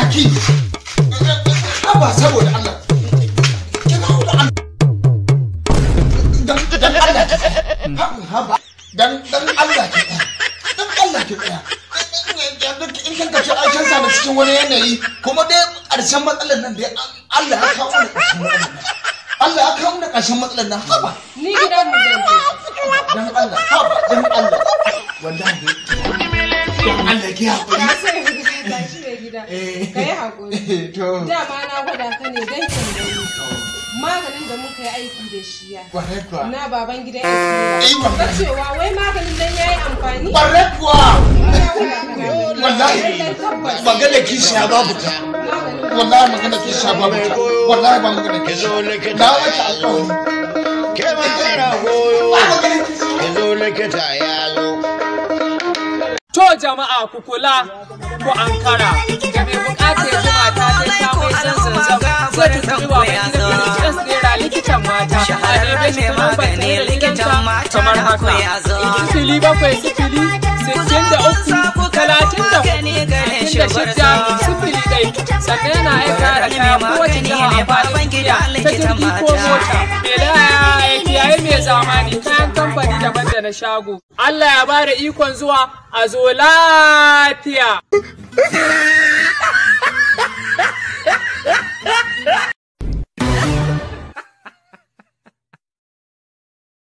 tsaki haba saboda Allah ki da Allah dan Allah ki haba dan dan Allah ki dan Allah ki tsaya in kan kace an canza da cikin wani yanayi kuma dai ƙarshen matsalar nan dai Allah ya kawo Allah ya kawo matsalar nan haba ni gidan mu zan je dan Allah haba dan Allah wallahi dan Allah hakuri gida eh. ka yi haƙuri eh, dama na gwada ka ne don kyan maganin da muka yi aiki da shi ya na baban gidan ya ba eh, cewa wai maganin nan ya yi amfani ƙwarai kuwa wallahi magana kishiya babu ta wallahi magana kishiya babu ta wallahi ba magana kishiya na wata alƙawari ke magana koyo ke zo likita ya zo To jama'a ku kula ku ankara da mai ya zuba ta ta sha mai san sai mai likitan mata a ta lambar likitan kamar haka bakwai sifili sittin da uku talatin da sifili ɗai sannan yana aika da kowace a faɗin gida ta jirgi ko mota. kai mai zamani kayan kamfani daban da na shago. Allah ya bada ikon zuwa a zo lafiya.